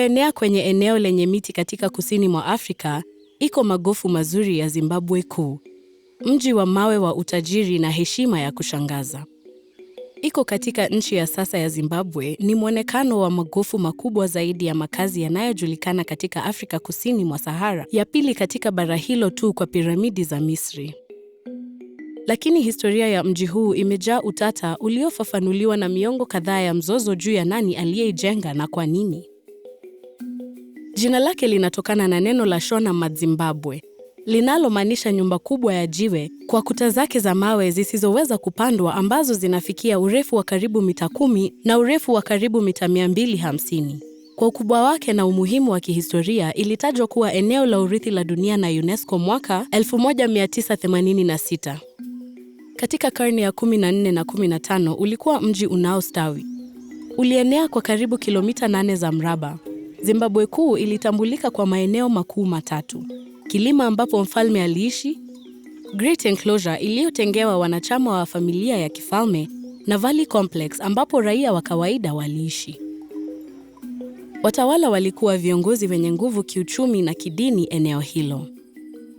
Iliyoenea kwenye eneo lenye miti katika kusini mwa Afrika iko magofu mazuri ya Zimbabwe Kuu, mji wa mawe wa utajiri na heshima ya kushangaza. Iko katika nchi ya sasa ya Zimbabwe, ni mwonekano wa magofu makubwa zaidi ya makazi yanayojulikana katika Afrika kusini mwa Sahara, ya pili katika bara hilo tu kwa piramidi za Misri. Lakini historia ya mji huu imejaa utata uliofafanuliwa na miongo kadhaa ya mzozo juu ya nani aliyeijenga na kwa nini. Jina lake linatokana na neno la Shona Mazimbabwe linalomaanisha nyumba kubwa ya jiwe kwa kuta zake za mawe zisizoweza kupandwa ambazo zinafikia urefu wa karibu mita kumi na urefu wa karibu mita 250. Kwa ukubwa wake na umuhimu wa kihistoria, ilitajwa kuwa eneo la urithi la dunia na UNESCO mwaka 1986. Katika karne ya 14 na 15 ulikuwa mji unaostawi. Ulienea kwa karibu kilomita 8 za mraba. Zimbabwe kuu ilitambulika kwa maeneo makuu matatu: Kilima ambapo mfalme aliishi, Great Enclosure iliyotengewa wanachama wa familia ya kifalme na Valley Complex ambapo raia wa kawaida waliishi. Watawala walikuwa viongozi wenye nguvu kiuchumi na kidini eneo hilo.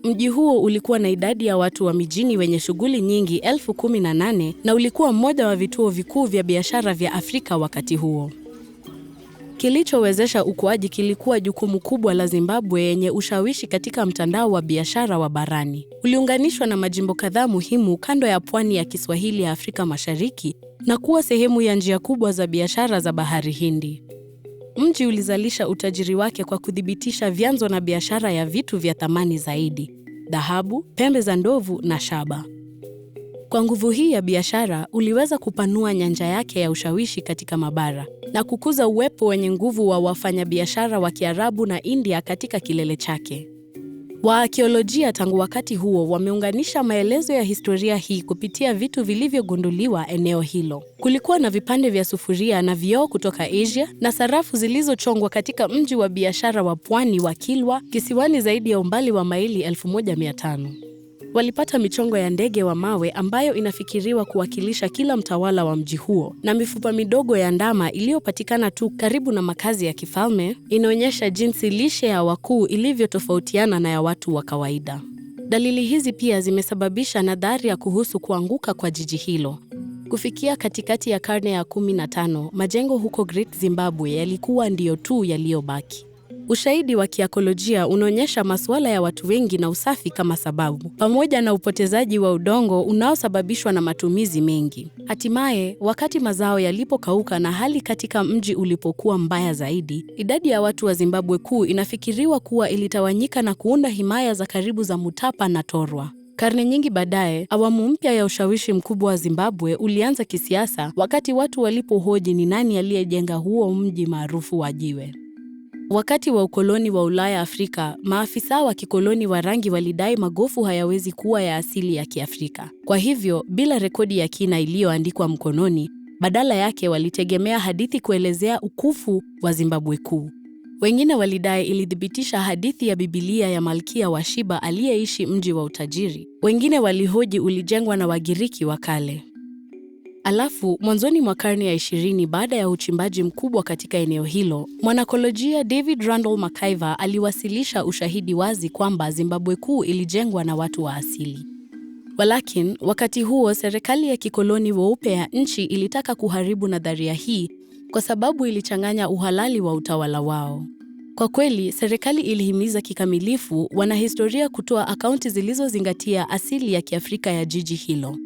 Mji huo ulikuwa na idadi ya watu wa mijini wenye shughuli nyingi elfu kumi na nane na ulikuwa mmoja wa vituo vikuu vya biashara vya Afrika wakati huo. Kilichowezesha ukuaji kilikuwa jukumu kubwa la Zimbabwe yenye ushawishi katika mtandao wa biashara wa barani. Uliunganishwa na majimbo kadhaa muhimu kando ya pwani ya Kiswahili ya Afrika Mashariki na kuwa sehemu ya njia kubwa za biashara za Bahari Hindi. Mji ulizalisha utajiri wake kwa kuthibitisha vyanzo na biashara ya vitu vya thamani zaidi: dhahabu, pembe za ndovu na shaba. Kwa nguvu hii ya biashara, uliweza kupanua nyanja yake ya ushawishi katika mabara na kukuza uwepo wenye nguvu wa wafanyabiashara wa Kiarabu na India katika kilele chake. Waakiolojia tangu wakati huo wameunganisha maelezo ya historia hii kupitia vitu vilivyogunduliwa eneo hilo. Kulikuwa na vipande vya sufuria na vioo kutoka Asia na sarafu zilizochongwa katika mji wa biashara wa pwani wa Kilwa kisiwani zaidi ya umbali wa maili 1500. Walipata michongo ya ndege wa mawe ambayo inafikiriwa kuwakilisha kila mtawala wa mji huo, na mifupa midogo ya ndama iliyopatikana tu karibu na makazi ya kifalme inaonyesha jinsi lishe ya wakuu ilivyotofautiana na ya watu wa kawaida. Dalili hizi pia zimesababisha nadharia kuhusu kuanguka kwa jiji hilo. Kufikia katikati ya karne ya 15, majengo huko Great Zimbabwe yalikuwa ndiyo tu yaliyobaki. Ushahidi wa kiakolojia unaonyesha masuala ya watu wengi na usafi kama sababu, pamoja na upotezaji wa udongo unaosababishwa na matumizi mengi. Hatimaye, wakati mazao yalipokauka na hali katika mji ulipokuwa mbaya zaidi, idadi ya watu wa Zimbabwe Kuu inafikiriwa kuwa ilitawanyika na kuunda himaya za karibu za Mutapa na Torwa. Karne nyingi baadaye, awamu mpya ya ushawishi mkubwa wa Zimbabwe ulianza kisiasa, wakati watu walipohoji ni nani aliyejenga huo mji maarufu wa jiwe. Wakati wa ukoloni wa Ulaya Afrika, maafisa wa kikoloni wa rangi walidai magofu hayawezi kuwa ya asili ya Kiafrika. Kwa hivyo, bila rekodi ya kina iliyoandikwa mkononi, badala yake walitegemea hadithi kuelezea ukufu wa Zimbabwe Kuu. Wengine walidai ilithibitisha hadithi ya Biblia ya Malkia wa Shiba aliyeishi mji wa utajiri. Wengine walihoji ulijengwa na Wagiriki wa kale. Alafu mwanzoni mwa karne ya 20 baada ya uchimbaji mkubwa katika eneo hilo, mwanakolojia David Randall McIver aliwasilisha ushahidi wazi kwamba Zimbabwe kuu ilijengwa na watu wa asili. Walakin, wakati huo serikali ya kikoloni weupe ya nchi ilitaka kuharibu nadharia hii kwa sababu ilichanganya uhalali wa utawala wao. Kwa kweli, serikali ilihimiza kikamilifu wanahistoria kutoa akaunti zilizozingatia asili ya Kiafrika ya jiji hilo.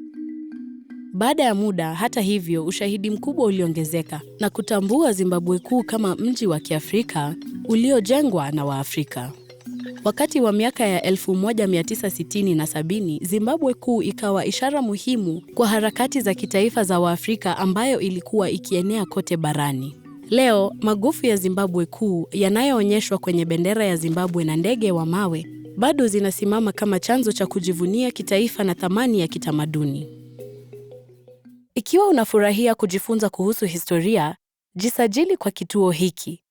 Baada ya muda, hata hivyo, ushahidi mkubwa uliongezeka na kutambua Zimbabwe Kuu kama mji wa Kiafrika uliojengwa na Waafrika. Wakati wa miaka ya 1960 na 70, Zimbabwe Kuu ikawa ishara muhimu kwa harakati za kitaifa za Waafrika ambayo ilikuwa ikienea kote barani. Leo, magofu ya Zimbabwe Kuu yanayoonyeshwa kwenye bendera ya Zimbabwe na ndege wa mawe bado zinasimama kama chanzo cha kujivunia kitaifa na thamani ya kitamaduni. Ikiwa unafurahia kujifunza kuhusu historia, jisajili kwa kituo hiki,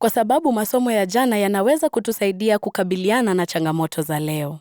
kwa sababu masomo ya jana yanaweza kutusaidia kukabiliana na changamoto za leo.